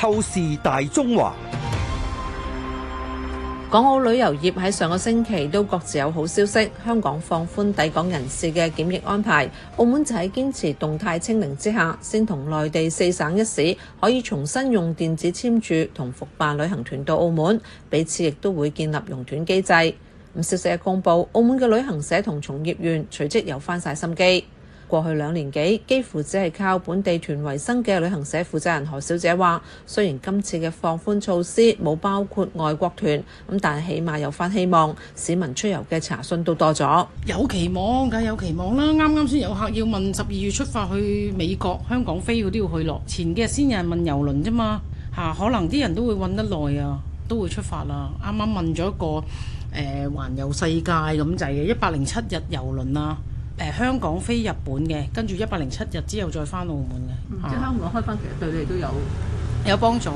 透視大中華，港澳旅遊業喺上個星期都各自有好消息。香港放寬抵港人士嘅檢疫安排，澳門就喺堅持動態清零之下，先同內地四省一市可以重新用電子簽注同復辦旅行團到澳門，彼此亦都會建立熔斷機制。唔少社日公布，澳門嘅旅行社同從業員隨即有翻晒心機。過去兩年幾幾乎只係靠本地團維生嘅旅行社負責人何小姐話，雖然今次嘅放寬措施冇包括外國團，咁但係起碼有翻希望，市民出遊嘅查詢都多咗。有期望梗有期望啦！啱啱先有客要問十二月出發去美國、香港飛，佢都要去落。前幾日先有人問遊輪啫嘛，嚇、啊、可能啲人都會揾得耐啊，都會出發啦。啱啱問咗一個誒、呃、環遊世界咁就係一百零七日遊輪啊！誒、呃、香港飛日本嘅，跟住一百零七日之後再翻澳門嘅，啊、即係香港開翻，其實對你都有有幫助。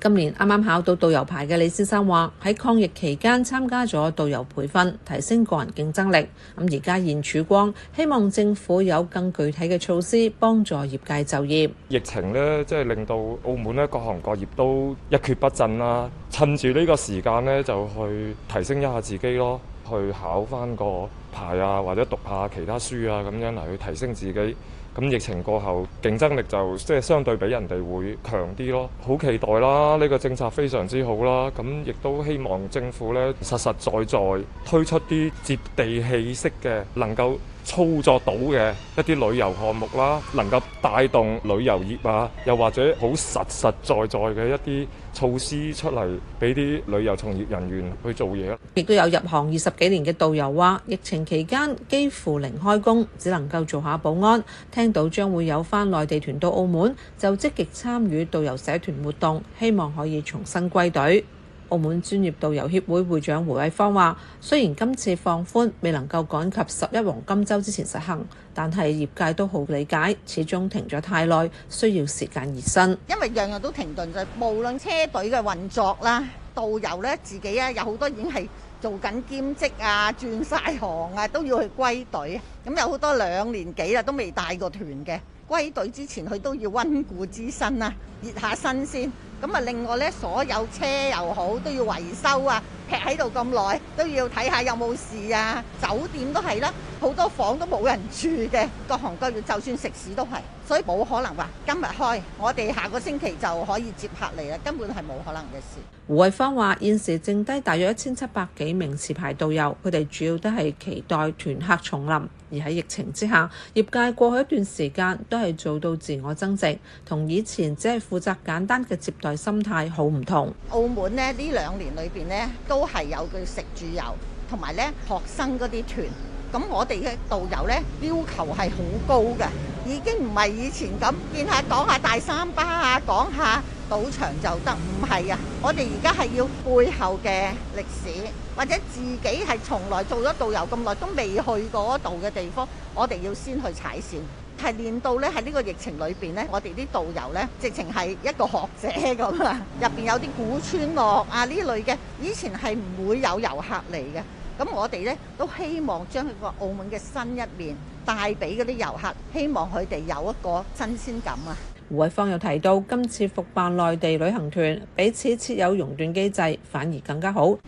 今年啱啱考到導遊牌嘅李先生話：喺抗疫期間參加咗導遊培訓，提升個人競爭力。咁而家現曙光，希望政府有更具體嘅措施幫助業界就業。疫情咧，即、就、係、是、令到澳門咧，各行各業都一蹶不振啦、啊。趁住呢個時間咧，就去提升一下自己咯，去考翻個排啊，或者讀下其他書啊，咁樣嚟去提升自己。咁疫情過後競爭力就即係相對比人哋會強啲咯，好期待啦！呢個政策非常之好啦，咁亦都希望政府咧實實在在推出啲接地氣式嘅能夠操作到嘅一啲旅遊項目啦，能夠帶動旅遊業啊，又或者好實實在在嘅一啲措施出嚟，俾啲旅遊從業人員去做嘢，亦都有入行二十幾年嘅導遊話疫情期間幾乎零開工，只能夠做下保安，聽到將會有返內地團到澳門，就積極參與導遊社團活動，希望可以重新歸隊。澳門專業導遊協會會長胡惠芳話：雖然今次放寬，未能夠趕及十一黃金周之前實行，但係業界都好理解，始終停咗太耐，需要時間熱身。因為樣樣都停頓，就無論車隊嘅運作啦，導遊咧自己呀有好多已經係。做緊兼職啊，轉晒行啊，都要去歸隊。咁有好多兩年幾啦，都未帶過團嘅。歸隊之前佢都要溫故知新啊，熱下身先。咁啊，另外呢，所有車又好都要維修啊，劈喺度咁耐都要睇下有冇事啊。酒店都係啦，好多房都冇人住嘅，各行各業，就算食肆都係。所以冇可能話今日開，我哋下個星期就可以接客嚟啦，根本係冇可能嘅事。胡惠芳話現時剩低大約一千七百幾名持牌導遊，佢哋主要都係期待團客重臨，而喺疫情之下，業界過去一段時間都係做到自我增值，同以前只係負責簡單嘅接待心態好唔同。澳門咧呢兩年裏邊咧，都係有佢食住遊同埋咧學生嗰啲團。咁我哋嘅導遊呢，要求係好高嘅，已經唔係以前咁見下講下大三巴啊，講下賭場就得，唔係啊！我哋而家係要背後嘅歷史，或者自己係從來做咗導遊咁耐都未去過度嘅地方，我哋要先去踩線，係練到呢喺呢個疫情裏邊呢。我哋啲導遊呢，直情係一個學者咁啊！入邊有啲古村落啊呢類嘅，以前係唔會有遊客嚟嘅。咁我哋咧都希望將佢個澳門嘅新一面帶俾嗰啲遊客，希望佢哋有一個新鮮感啊！胡惠芳又提到，今次復辦內地旅行團，彼此設有熔斷機制，反而更加好。唔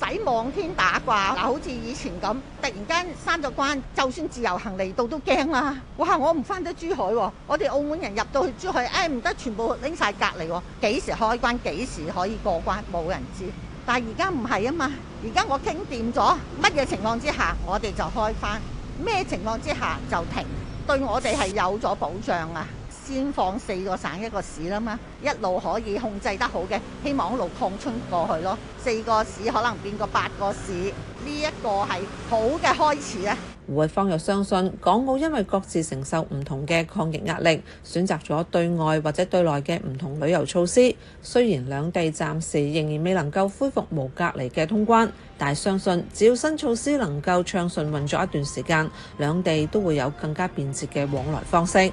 使望天打卦，嗱，好似以前咁，突然間閂咗關，就算自由行嚟到都驚啦！哇，我唔翻得珠海喎，我哋澳門人入到去珠海，誒唔得，全部拎曬隔離喎，幾時開關，幾時可以過關，冇人知。但係而家唔係吖嘛，而家我傾掂咗，乜嘢情況之下我哋就開返，咩情況之下就停，對我哋係有咗保障啊！先放四個省一個市啦嘛，一路可以控制得好嘅，希望一路擴充過去咯。四個市可能變個八個市，呢一個係好嘅開始啊。胡慧芳又相信，港澳因為各自承受唔同嘅抗疫壓力，選擇咗對外或者對內嘅唔同旅遊措施。雖然兩地暫時仍然未能夠恢復無隔離嘅通關，但係相信只要新措施能夠暢順運作一段時間，兩地都會有更加便捷嘅往來方式。